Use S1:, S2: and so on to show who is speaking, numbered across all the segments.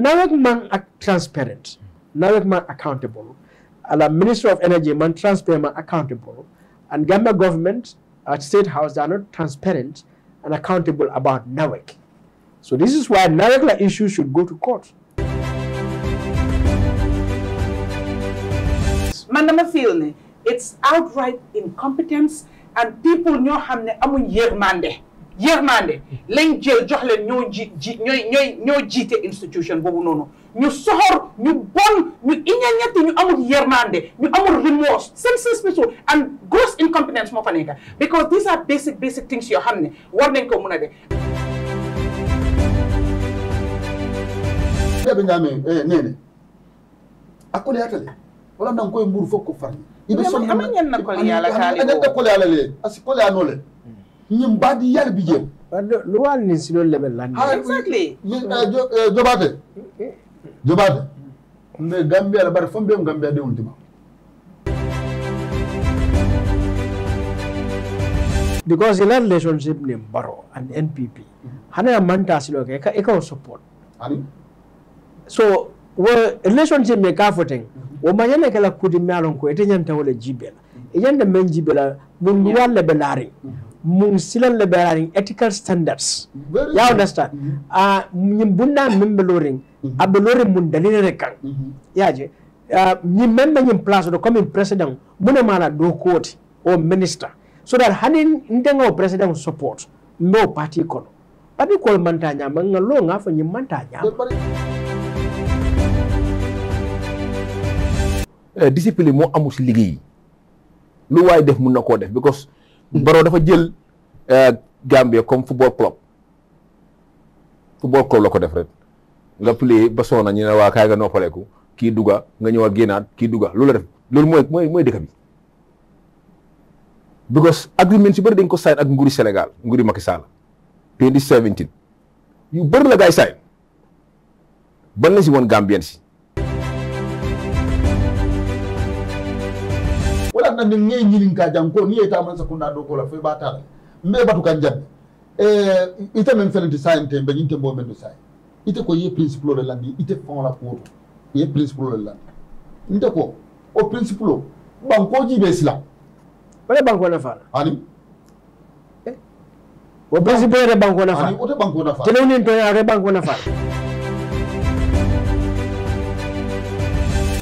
S1: nawek man transparent nawek man accountable ala minister of energy man transparent man accountable and Gambia government at uh, state house they are not transparent and accountable about nawek so this is why nawek issues should go to court
S2: man dama feel ne it's outright incompetence and people know xam ne amuñ yërmande yërmande lañ jël jox leen ñoo ji ji ñooy ñooy ñoo jiite institution boobu noonu ñu soxor ñu bon ñu iñañetti ñu amul yërmande ñu amul remorse seen sens bisu and gross incompetence moo fa nekk because these are basic basic things yoo xam ne war nañ ko mun a def
S3: jaɓe ñaame nene akkole yatale wala nan koye mburu fof ko farni iɓe sonnaama
S2: ko kole yala kaali añannda
S3: kole yala le asi kole ñim baadi yar bi jeem lu wal ni si loolu lebel lan ah, exactly
S1: eh, eh,
S3: jobaate jobaate nde gambia
S1: la bari fo mbiyam gambia de ultima because ila relationship ni baro and npp hana ya manta silo ke ka ikaw support ani so wo relationship me ka foten mhm. wo manyane kala kudi malon ko ete nyanta wala jibela e yanda men jibela mun wala belari mm munsila liberating ethical standards Very ya understand mm-hmm. a ah, nyim bunda membe loring mm-hmm. abelore ah, mun dalile kan yaje nyim membe nyim place do comme president muna mana do court or minister so that hanin ndengo president support no party kono party kono mantanya manga lo ngafa nyim mantanya
S4: eh, discipline mo amu ci liggey lu way def mun na koo def because Barrow dafa jël euh, Gambia comme football club football club lako def rek nga play ba sona ñu ne wa kay nga noppaleeku ki duga nga ñëw a génnaat duga loolu def loolu moy moy moy dëkk bi because agreement ci bari dañ ko sign ak nguri Sénégal nguri Macky Sall 2017 yu bari la gay sign ban la ci won Gambien ci
S3: kanna ni ngi nyilin ka jan ko ni eta man sa kunna do ko la fo ba ta mbe batu kan jabbe eh ite men felen design te be nyinte bo men design ite ko ye principle le landi ite fon la kuwoto ye principle le landi nte ko o principle banko ji be sila wala banko na fala ani eh? o principe re banko na fala ani o banko na fala tele
S1: ni to ya re banko na fala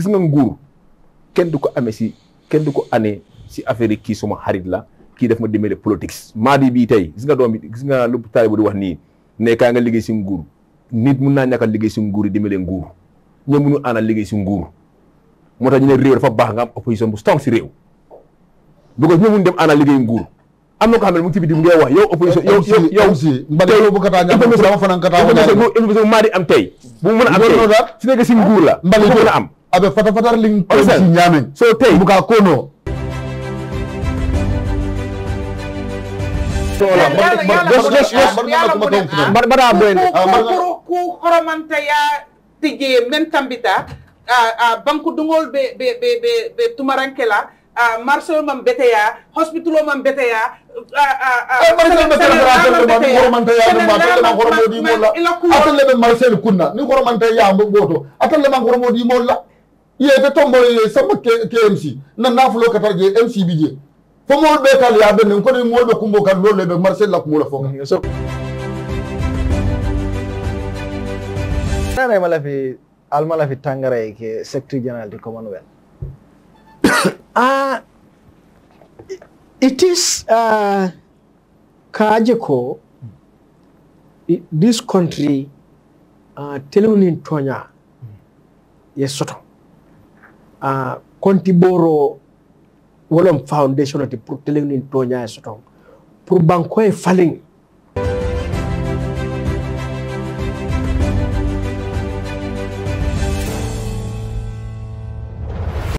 S4: gis nga nguur kenn du ko amee si kenn du ko anee si affaire kii suma xarit la kii def ma dimbale politique maadi bii tey gis nga doom bi gis nga lu taalibu di wax nii ne nga liggéey si nguur nit mun naa ñàkk a liggéey si nguur yi dimbale nguur ñoom mënu ànd liggéey si moo tax ñu ne réew dafa baax nga am opposition bu strong si réew because ñoom mun dem ànd liggéey nguur am na ko xam ne mu ci wax yow opposition yow yow yow
S3: information information maa di am tey bu a am tey si nekk si nguur la mën a am Abe bɛ fatafatali ni kɔlɔsi ɲaami so tɛ buka kono.
S2: ka ko beteya hospital man beteya
S3: kunna te tombole tomboye samba kmc nannafulo katar je mc bi je fo moolu ɓe kal yaɓe nen kono moolɓe kumbo kan lolle ɓe marché lakkumola fo
S1: nana malafi almalafi tangaray e ke secretary général du commonwealth ah it is uh, kaaje ko this country uh, ah, telewnin toña ye soto uh, konti boro wolom foundation ati pour teleng nin toña e sotong pour banko e faleng